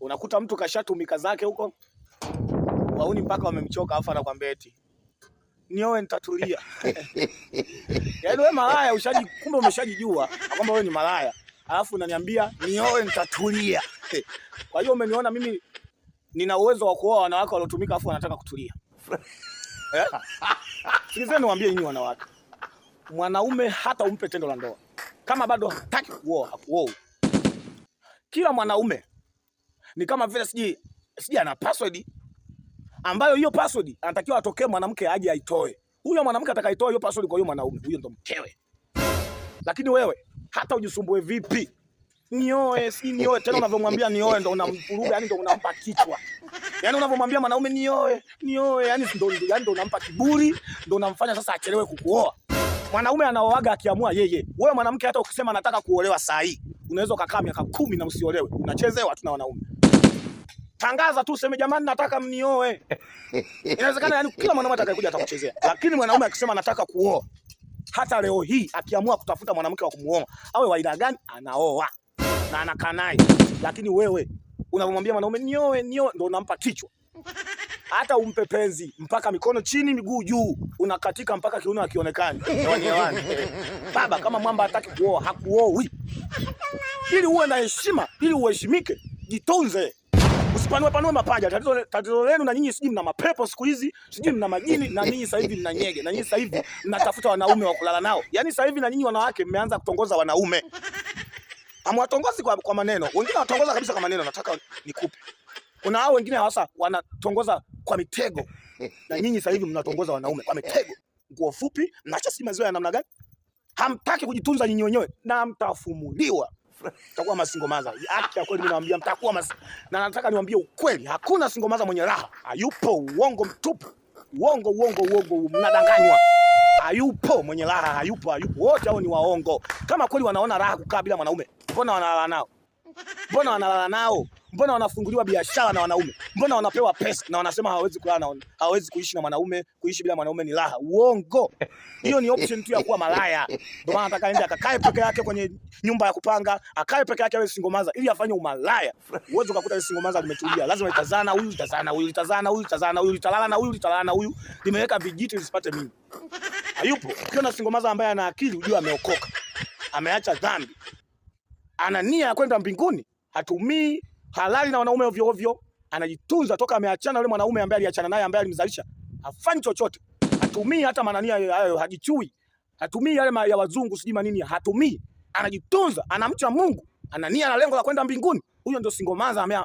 Unakuta mtu kashatumika zake huko wauni mpaka wamemchoka, afa anakwambia eti niowe nitatulia. Yaani wewe malaya ushaji, kumbe umeshajijua kwamba wewe ni malaya, alafu unaniambia niowe nitatulia. Kwa hiyo umeniona mimi nina uwezo wa kuoa wanawake waliotumika, afu wanataka kutulia. Eh? Sikilizeni niwaambie nyinyi wanawake, mwanaume hata umpe tendo la ndoa kama bado hataki kuoa hakuoa. Kila mwanaume ni kama vile siji siji ana password ambayo hiyo password anatakiwa atokee mwanamke aje aitoe. Huyo mwanamke atakayetoa hiyo password kwa hiyo mwanaume, huyo ndo mkewe. Lakini wewe hata ujisumbue vipi, nioe si nioe tena, unavyomwambia nioe ndo unamfuruga, yani ndo unampa kichwa, yani unavyomwambia mwanaume nioe nioe, yani ndo yani ndo unampa kiburi, ndo unamfanya sasa achelewe kukuoa. Mwanaume anaoaga akiamua yeye. Wewe mwanamke, hata ukisema nataka kuolewa saa hii, unaweza ukakaa miaka kumi na usiolewe. Unachezewa tu na wanaume tangaza tu, useme jamani, nataka mnioe. Inawezekana yani kila mwanaume atakayekuja atakuchezea, lakini mwanaume akisema nataka kuoa, hata leo hii akiamua kutafuta mwanamke wa kumuoa awe wa aina gani, anaoa na anakaa naye. Lakini wewe unamwambia mwanaume nioe, nioe, ndio unampa kichwa hata umpe penzi mpaka mikono chini miguu juu, unakatika mpaka kiuno akionekane hewani Baba, kama mwamba hataki kuoa hakuoi. Ili uwe na heshima, ili uheshimike, jitunze. Usipanue panue mapaja. Tatizo tatizo lenu na nyinyi sijui mna mapepo siku hizi, sijui mna majini na nyinyi sasa hivi mna nyege. Na nyinyi sasa hivi mnatafuta wanaume wa kulala nao. Yaani sasa hivi na nyinyi wanawake mmeanza kutongoza wanaume. Amwatongozi kwa, kwa maneno. Wengine watongoza kabisa kwa maneno. Nataka nikupe. Kuna hao wengine hasa wanatongoza kwa mitego. Na nyinyi sasa hivi mnatongoza wanaume kwa mitego. Nguo fupi, mnaacha si mazoea ya namna gani? Hamtaki kujitunza nyinyi wenyewe na mtafumuliwa mtakuwa masingomaza. Haki ya kweli mimi mtakuwa mas... na nataka niwaambie ukweli, hakuna singomaza mwenye raha, hayupo. Uongo mtupu, uongo, uongo, uongo, mnadanganywa. Hayupo mwenye raha, hayupo, hayupo. Wote hao ni waongo. Kama kweli wanaona raha kukaa bila mwanaume, mbona wanalala nao? Mbona wanalala nao? mbona wanafunguliwa biashara na wanaume? Mbona wanapewa pesa na wanasema hawawezi kulala, hawawezi kuishi na mwanaume, kuishi bila mwanaume ni raha? Uongo, hiyo ni option tu ya kuwa malaya. Ndio maana nataka ende akakae peke yake kwenye nyumba ya kupanga, akae peke yake, awe singomaza, ili afanye umalaya. Uweze ukakuta ile singomaza mother limetulia, lazima itazana huyu, itazana huyu, itazana huyu, itazana huyu, italala na huyu, italala na huyu, limeweka vijiti lisipate mimi. Hayupo. Ukiona single mother ambaye ana akili, ujue ameokoka, ameacha dhambi, ana nia ya kwenda mbinguni, hatumii halali na wanaume ovyo ovyo, anajitunza toka ameachana yule mwanaume ambaye aliachana naye ambaye alimzalisha, hafanyi chochote, hatumii hata manania hayo, hajichui, hatumii yale ya wazungu sijui manini, hatumii, anajitunza, anamcha Mungu, anania na lengo la kwenda mbinguni. Huyo ndio singomaza ame